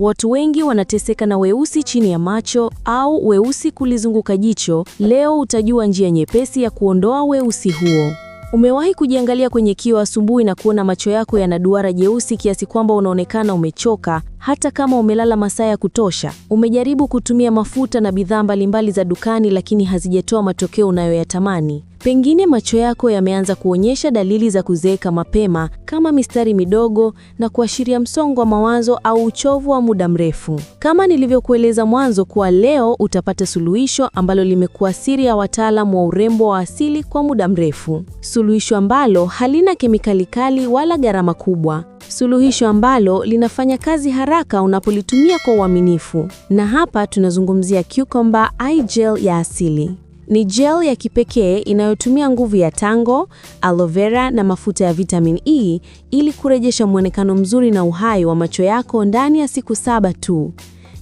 Watu wengi wanateseka na weusi chini ya macho au weusi kulizunguka jicho. Leo utajua njia nyepesi ya kuondoa weusi huo. Umewahi kujiangalia kwenye kioo asubuhi na kuona macho yako yana duara jeusi kiasi kwamba unaonekana umechoka hata kama umelala masaa ya kutosha? Umejaribu kutumia mafuta na bidhaa mbalimbali za dukani, lakini hazijatoa matokeo unayoyatamani. Pengine macho yako yameanza kuonyesha dalili za kuzeeka mapema kama mistari midogo na kuashiria msongo wa mawazo au uchovu wa muda mrefu. Kama nilivyokueleza mwanzo kuwa leo utapata suluhisho ambalo limekuwa siri ya wataalamu wa urembo wa asili kwa muda mrefu. Suluhisho ambalo halina kemikali kali wala gharama kubwa. Suluhisho ambalo linafanya kazi haraka unapolitumia kwa uaminifu. Na hapa tunazungumzia cucumber eye gel ya asili. Ni gel ya kipekee inayotumia nguvu ya tango, aloe vera na mafuta ya vitamin E ili kurejesha mwonekano mzuri na uhai wa macho yako ndani ya siku saba tu.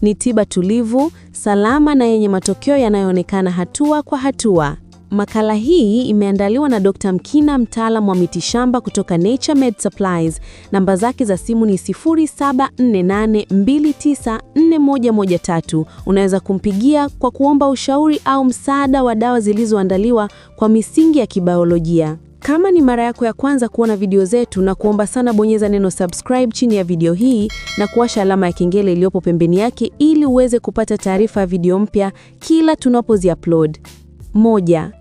Ni tiba tulivu, salama na yenye matokeo yanayoonekana hatua kwa hatua. Makala hii imeandaliwa na Dr. Mkina, mtaalam wa mitishamba kutoka Nature Med Supplies. Namba zake za simu ni 0748294113. Unaweza kumpigia kwa kuomba ushauri au msaada wa dawa zilizoandaliwa kwa misingi ya kibiolojia. Kama ni mara yako ya kwanza kuona video zetu, na kuomba sana bonyeza neno subscribe chini ya video hii na kuwasha alama ya kengele iliyopo pembeni yake ili uweze kupata taarifa ya video mpya kila tunapozi upload. Moja,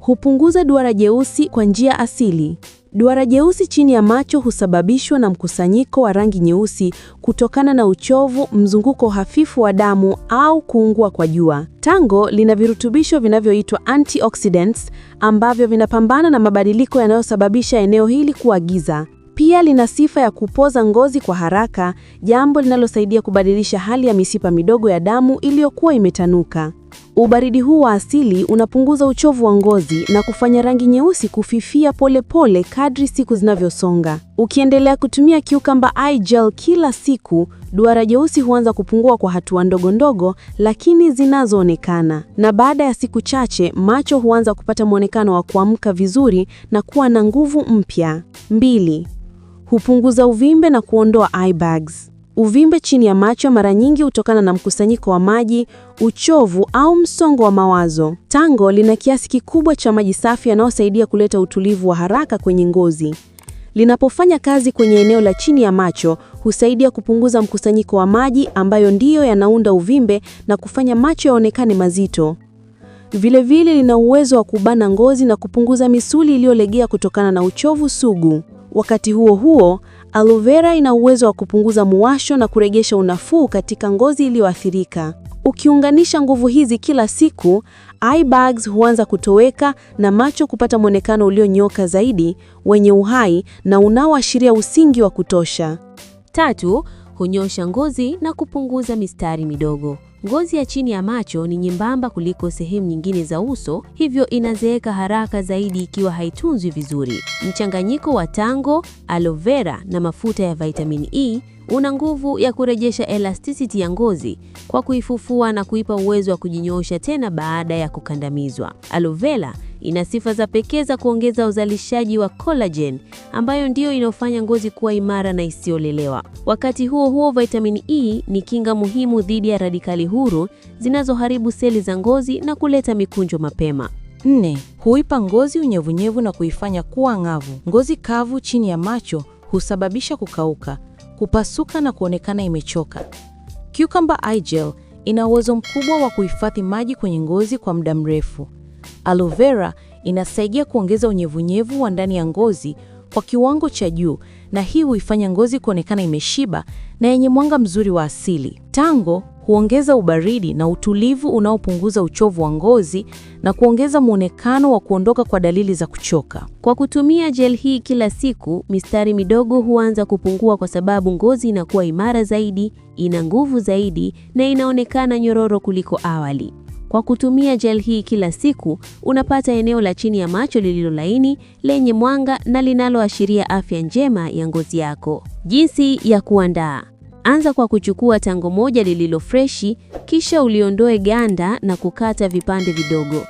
hupunguza duara jeusi kwa njia asili. Duara jeusi chini ya macho husababishwa na mkusanyiko wa rangi nyeusi kutokana na uchovu, mzunguko hafifu wa damu au kuungua kwa jua. Tango lina virutubisho vinavyoitwa antioxidants ambavyo vinapambana na mabadiliko yanayosababisha eneo hili kuwa giza. Pia lina sifa ya kupoza ngozi kwa haraka, jambo linalosaidia kubadilisha hali ya mishipa midogo ya damu iliyokuwa imetanuka. Ubaridi huu wa asili unapunguza uchovu wa ngozi na kufanya rangi nyeusi kufifia polepole pole kadri siku zinavyosonga. Ukiendelea kutumia Cucumber Eye Gel kila siku, duara jeusi huanza kupungua kwa hatua ndogo ndogo lakini zinazoonekana. Na baada ya siku chache, macho huanza kupata mwonekano wa kuamka vizuri na kuwa na nguvu mpya. Mbili, hupunguza uvimbe na kuondoa eye bags. Uvimbe chini ya macho mara nyingi hutokana na mkusanyiko wa maji, uchovu au msongo wa mawazo. Tango lina kiasi kikubwa cha maji safi yanayosaidia kuleta utulivu wa haraka kwenye ngozi. Linapofanya kazi kwenye eneo la chini ya macho, husaidia kupunguza mkusanyiko wa maji ambayo ndiyo yanaunda uvimbe na kufanya macho yaonekane mazito. Vilevile lina uwezo wa kubana ngozi na kupunguza misuli iliyolegea kutokana na uchovu sugu. Wakati huo huo, aloe vera ina uwezo wa kupunguza muwasho na kurejesha unafuu katika ngozi iliyoathirika. Ukiunganisha nguvu hizi kila siku, eye bags huanza kutoweka na macho kupata mwonekano ulionyoka zaidi, wenye uhai na unaoashiria usingi wa kutosha. Tatu, hunyosha ngozi na kupunguza mistari midogo. Ngozi ya chini ya macho ni nyembamba kuliko sehemu nyingine za uso, hivyo inazeeka haraka zaidi ikiwa haitunzwi vizuri. Mchanganyiko wa tango, aloe vera na mafuta ya vitamin E una nguvu ya kurejesha elasticity ya ngozi kwa kuifufua na kuipa uwezo wa kujinyoosha tena baada ya kukandamizwa. Aloe vera Ina sifa za pekee za kuongeza uzalishaji wa collagen ambayo ndiyo inayofanya ngozi kuwa imara na isiyolelewa. Wakati huo huo, vitamini E ni kinga muhimu dhidi ya radikali huru zinazoharibu seli za ngozi na kuleta mikunjo mapema. Nne, huipa ngozi unyevunyevu na kuifanya kuwa ng'avu. Ngozi kavu chini ya macho husababisha kukauka, kupasuka na kuonekana imechoka. Cucumber Eye Gel ina uwezo mkubwa wa kuhifadhi maji kwenye ngozi kwa muda mrefu. Aloe vera inasaidia kuongeza unyevunyevu wa ndani ya ngozi kwa kiwango cha juu, na hii huifanya ngozi kuonekana imeshiba na yenye mwanga mzuri wa asili. Tango huongeza ubaridi na utulivu unaopunguza uchovu wa ngozi na kuongeza mwonekano wa kuondoka kwa dalili za kuchoka. Kwa kutumia gel hii kila siku, mistari midogo huanza kupungua kwa sababu ngozi inakuwa imara zaidi, ina nguvu zaidi na inaonekana nyororo kuliko awali. Kwa kutumia gel hii kila siku, unapata eneo la chini ya macho lililo laini, lenye mwanga na linaloashiria afya njema ya ngozi yako. Jinsi ya kuandaa. Anza kwa kuchukua tango moja lililo freshi, kisha uliondoe ganda na kukata vipande vidogo.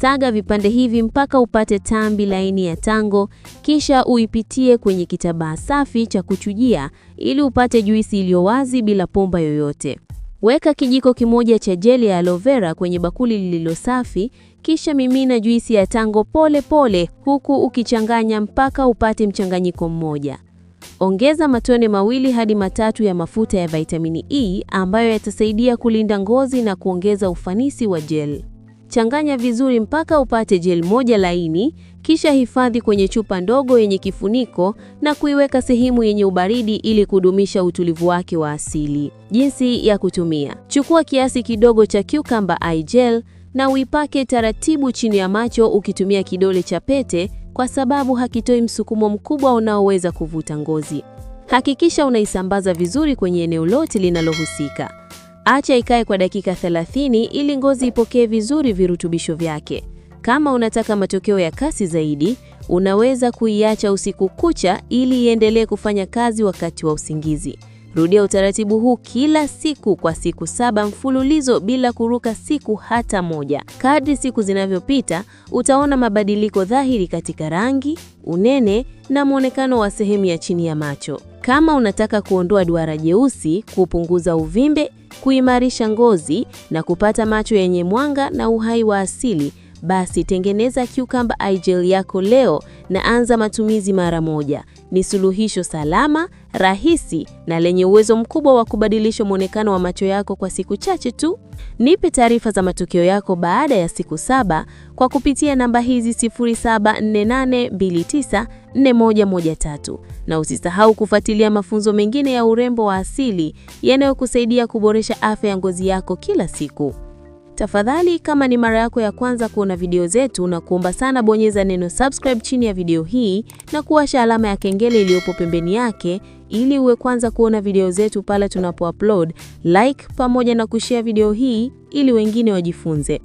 Saga vipande hivi mpaka upate tambi laini ya tango, kisha uipitie kwenye kitabaa safi cha kuchujia ili upate juisi iliyo wazi bila pomba yoyote. Weka kijiko kimoja cha jeli ya aloe vera kwenye bakuli lililo safi, kisha mimina juisi ya tango pole pole, huku ukichanganya mpaka upate mchanganyiko mmoja. Ongeza matone mawili hadi matatu ya mafuta ya vitamini E ambayo yatasaidia kulinda ngozi na kuongeza ufanisi wa jeli. Changanya vizuri mpaka upate gel moja laini, kisha hifadhi kwenye chupa ndogo yenye kifuniko na kuiweka sehemu yenye ubaridi ili kudumisha utulivu wake wa asili. Jinsi ya kutumia: chukua kiasi kidogo cha cucumber eye gel na uipake taratibu chini ya macho ukitumia kidole cha pete, kwa sababu hakitoi msukumo mkubwa unaoweza kuvuta ngozi. Hakikisha unaisambaza vizuri kwenye eneo lote linalohusika. Acha ikae kwa dakika 30 ili ngozi ipokee vizuri virutubisho vyake. Kama unataka matokeo ya kasi zaidi, unaweza kuiacha usiku kucha ili iendelee kufanya kazi wakati wa usingizi. Rudia utaratibu huu kila siku kwa siku saba mfululizo bila kuruka siku hata moja. Kadri siku zinavyopita, utaona mabadiliko dhahiri katika rangi, unene na mwonekano wa sehemu ya chini ya macho. Kama unataka kuondoa duara jeusi, kupunguza uvimbe, kuimarisha ngozi na kupata macho yenye mwanga na uhai wa asili, basi tengeneza cucumber eye gel yako leo na anza matumizi mara moja ni suluhisho salama, rahisi na lenye uwezo mkubwa wa kubadilisha mwonekano wa macho yako kwa siku chache tu. Nipe taarifa za matokeo yako baada ya siku saba kwa kupitia namba hizi 0748294113 na usisahau kufuatilia mafunzo mengine ya urembo wa asili yanayokusaidia kuboresha afya ya ngozi yako kila siku. Tafadhali kama ni mara yako ya kwanza kuona video zetu na kuomba sana bonyeza neno subscribe chini ya video hii na kuwasha alama ya kengele iliyopo pembeni yake ili uwe kwanza kuona video zetu pale tunapoupload, like pamoja na kushare video hii ili wengine wajifunze.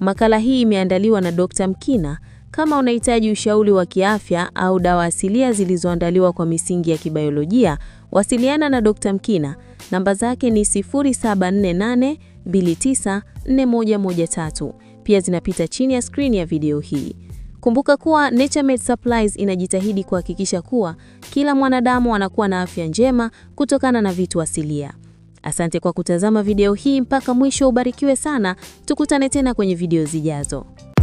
Makala hii imeandaliwa na Dr. Mkina. Kama unahitaji ushauri wa kiafya au dawa asilia zilizoandaliwa kwa misingi ya kibayolojia, wasiliana na Dr. Mkina. Namba zake ni 0748 29 4113 pia zinapita chini ya skrini ya video hii. Kumbuka kuwa Naturemed Supplies inajitahidi kuhakikisha kuwa kila mwanadamu anakuwa na afya njema kutokana na vitu asilia. Asante kwa kutazama video hii mpaka mwisho, ubarikiwe sana. Tukutane tena kwenye video zijazo.